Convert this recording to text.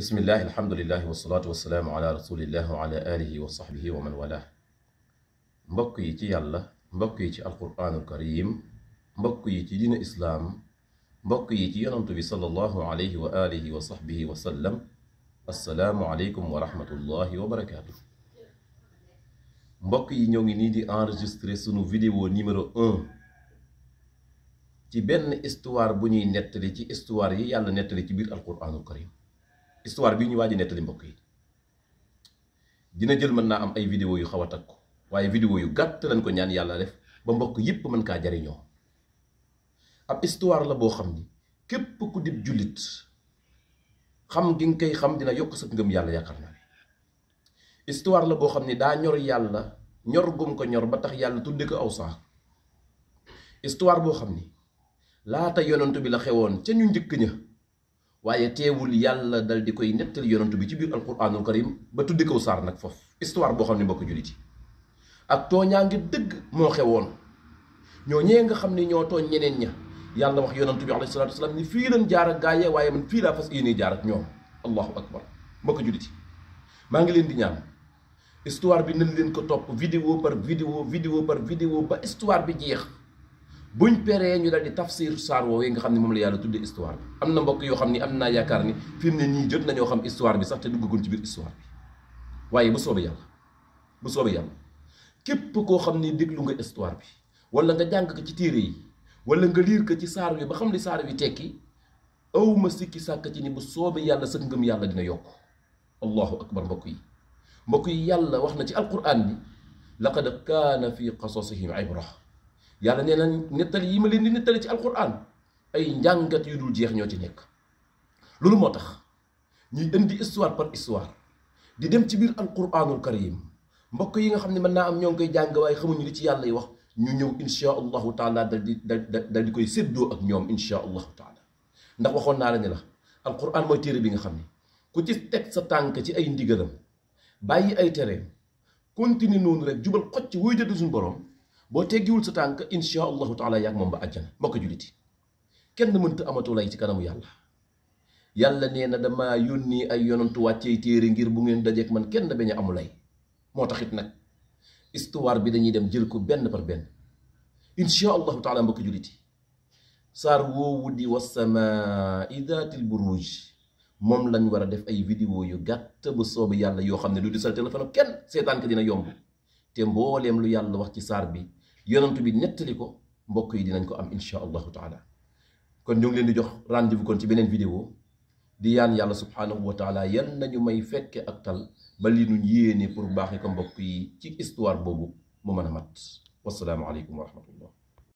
بسم الله الحمد لله والصلاة والسلام على رسول الله وعلى آله وصحبه ومن والاه مبكي يتي الله مبكي يتي القرآن الكريم مبكي يتي دين الإسلام مبكي يتي ينطبي صلى الله عليه وآله وصحبه وسلم السلام عليكم ورحمة الله وبركاته مبكي نيوغي نيدي انرجستري سنو فيديو نيمرو 1 تي بن استوار بني نتلي تي استوار يالا نتلي تي بير القرآن الكريم histoire bi ñu waaji nettali mbokk yi dina jël mëna am ay vidéo yu xaw a takku waaye vidéo yu gatt lañ ko ñaan yalla def ba mbokk yépp mën ka jariño ab histoire la bo xamni képp ku dib julit xam gi nga kay xam dina yok sax ngëm yalla yaakaar histoire la bo xamni da ñor yalla ñor gum ko ñor ba tax yalla ko awsa histoire bo xamni laata yonentou bi la xewon ca ñu waye teewul yalla dal di koy nettali yonentou bi ci biir alquranul karim ba tuddi ko sar nak fof histoire bo xamni ne mbokk jullit ak tooñaa ngi dëgg moo xewoon ñoo ñe nga xamni ñoo toñ ñeneen ña yalla wax yonentou bi alayhi salatu wasalaam ni fi leen jaar ak gaaye waye man fi la fas yéenee jaar ak ñoom allahu akbar mbokk jullit yi maa ngi leen di ñaan histoire bi nañ leen ko top vidéo par vidéo vidéo par vidéo ba histoire bi jeex buñ peree ñu daal di tafsir saar woowee nga xam ne moom la yàlla tudde histoire bi am na mbokk yoo xam ni am naa yaakaar ni fi ne nii jot nañoo xam histoire bi sax te duggaguñ ci biir histoire bi waaye bu soobee yàlla bu soobee yàlla képp koo xam ni déglu nga histoire bi wala nga jàng ko ci téere yi wala nga liir ko ci saar wi ba xam li saar wi tekki awma sikki sàkk ci ni bu soobee yàlla sa ngëm yàlla dina yokk allahu akbar mbokk yi mbokk yi yàlla wax na ci alquran bi laqad kaana fi qasasihim ibra yàlla nee na nettali yi ma leen di nettali ci al alquran ay njàngat yu dul jeex ñoo ci nekk loolu moo tax ñuy indi histoire par histoire di dem ci biir alquranul karim mbokk yi nga xam ne mën naa am ñoo ngi koy jàng waaye xamuñu li ci yàlla yi wax ñu ñëw insha allahu taala dal di dal di koy séddoo ak ñoom insha allahu taala ndax waxoon naa la ne la alquran mooy téere bi nga xam ne ku ci teg sa tànk ci ay ndigalam bàyyi ay tereem continue noonu rek jubal xocc wuy jëdd suñu borom boo teggiwul sa tank insha allah taala yak mom ba aljana mbok juliti kenn meunta amatu lay ci kanamu yalla yalla nee dama yuni ay yonantu wàccee tere ngir bu ngeen dajek man kenn bañ amu lay moo taxit nag histoire bi dañuy dem jël ko ben par ben insha allahu taala mbok juliti saar woowu wudi wassamaai idatil buruj mom lañ wara def ay video yu gatt bu soobu yalla yo xamne du di sal téléphone kenn setan ka dina yomb te mbooleem lu yalla wax ci sar bi yonantu bi nettali ko mbokk yi dinañ ko am insha allahu taala kon ñu ngi leen di jox rendez-vous kon ci beneen vidéo di yaan yàlla subhanahu wa taala yan nañu may fekke ak tal ba li ñu yéene pour baaxee ko mbokk yi ci histoire boobu mu mën a mat wasalaamu aleykum wa rahmatullah